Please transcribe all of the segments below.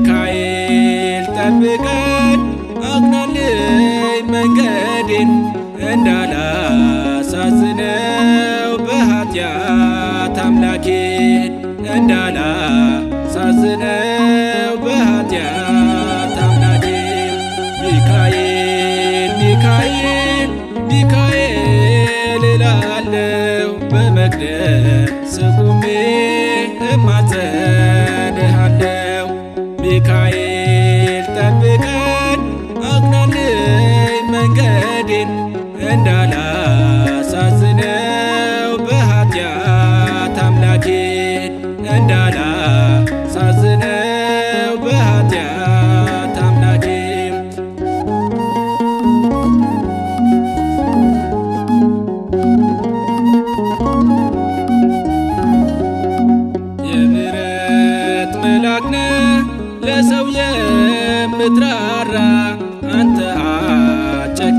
ሚካኤል ጠብቀን አቅናልኝ መንገዴን እንዳላሳዝነው በኃጢአት አምላኬን እንዳላሳዝነው በኃጢአት አምላኬን ሚካኤል ሚካኤል ሚካኤል እላለሁ በመቅደስ ቁሜ እማጸን ሚካኤል ጠብቀን አቅናልኝ መንገዴን እንዳ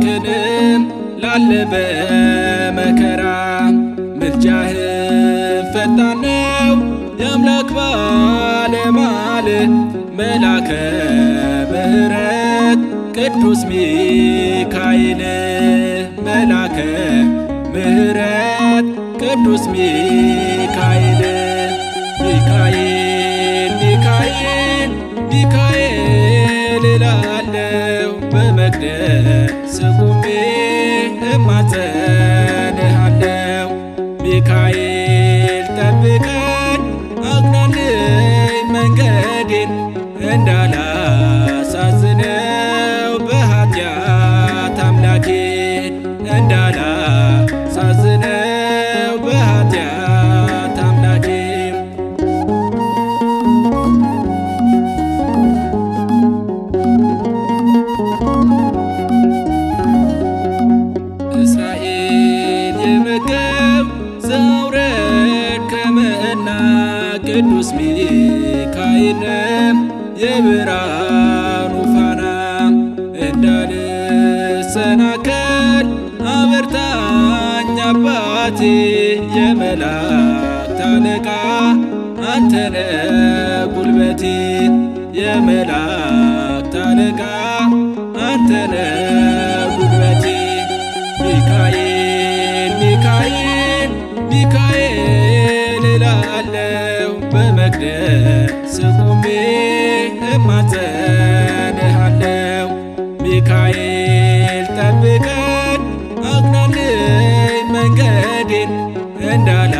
ቀንም ላለ በመከራ ምልጃህ ፈጣን ነው የአምላክ ባለማል መላከ ምሕረት ቅዱስ ሚካኤል መላከ ምሕረት ቅዱስ ሚካኤል ሚካኤል ሚካኤል ሚካኤል መቅደስ ቆሜ እማጸንሃለው ሚካኤል አቅናልኝ መንገዴን እንዳላ ቅዱስ ሚካኤል የብርሃኑ ፋና እንዳልሰናከል አበርታኝ አባቴ የመላእክት አለቃ አንተነ ጉልበቴ የመላእክት አለቃ አንተነ ጉልበቴ ሚካኤል ሚካኤል ሚካኤል ስቁሜ እማጸንሃለው ሚካኤል ጠብቀን አቅናልኝ መንገዴን እንዳላ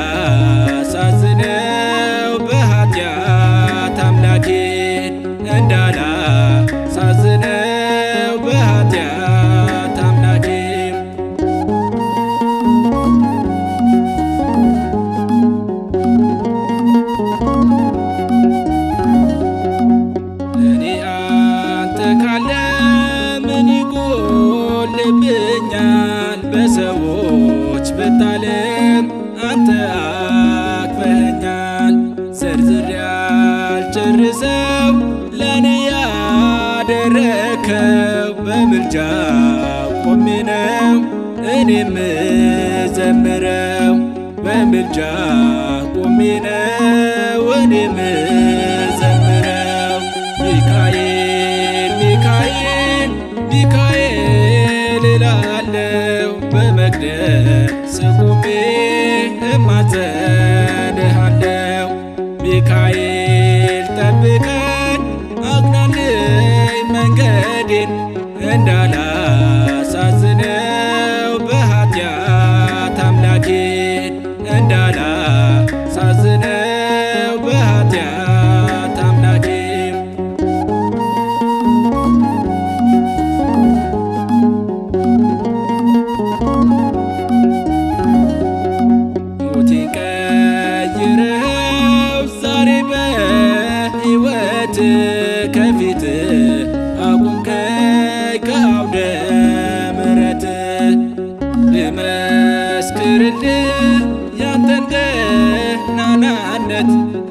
ሆኖልብኛል በሰዎች ብታለን አንተ አክፈኛል ዘርዝሬ አልጨርሰው ለኔ ያደረከው በምልጃ ቆሜ ነው እኔ ምዘምረው በምልጃ ቆሜ ነው እኔ ምዘምረው ሚካኤል ሚካኤል ሚካ ስቁሜ እማጸንሃለሁ ሚካኤል ጠብቀን አቅናልኝ መንገዴን እንዳላ ቀይረው ዛሬ በሕይወት ከፊት አቁምከኝ ከአውደ ምሕረት ልመስክርልህ ያንተን ገናናነት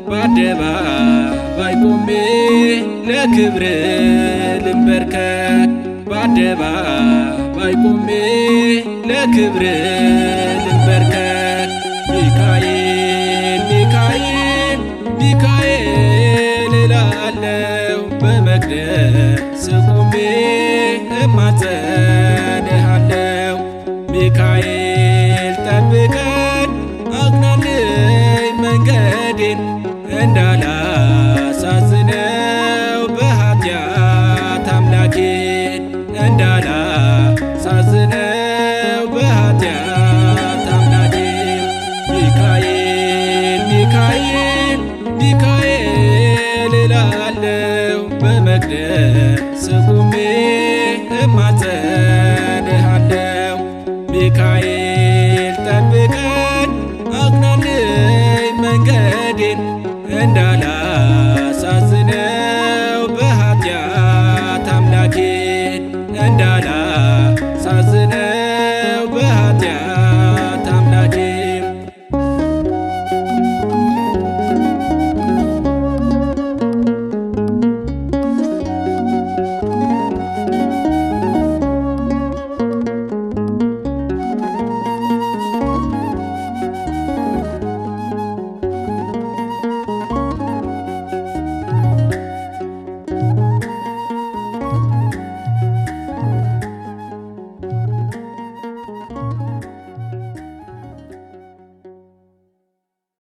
በአደባባይ ቆሜ ለክብር ልንበርከክ በአደባባይ ቆሜ ለክብር ልንበርከክ ሚካኤል እላለሁ በመቅደስ ቆሜ እማጸንሃለሁ። ሚካኤል ጠብቀን አቅናልኝ መንገዴን እንዳላሳዝነው በኃጢአት አምላኬን እንዳላሳዝነው